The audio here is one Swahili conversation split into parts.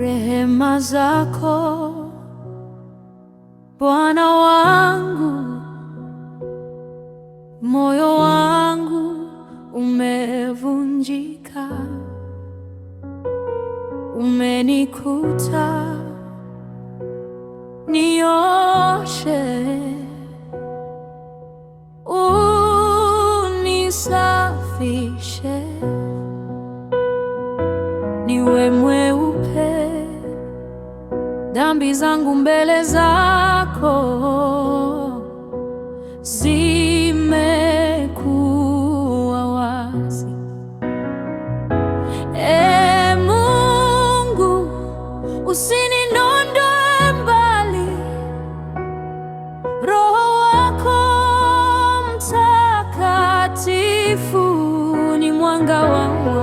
rehema zako Bwana wangu, moyo wangu umevunjika, umenikuta nioshe, unisafishe, niwe mweupe dhambi zangu mbele zako, zimekuwa wazi. E Mungu, usiniondoe mbali, Roho wako Mtakatifu ni mwanga wangu.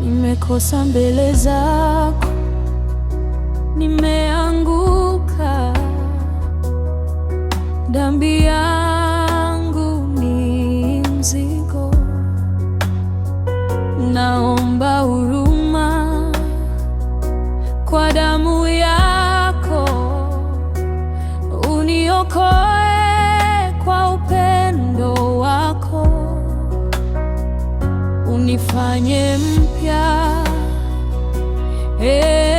nimekosa mbele zako, nimeanguka, dhambi yangu ni mzigo, naomba huruma kwa damu yako uniokoe kwa upendo unifanye mpya. Hey.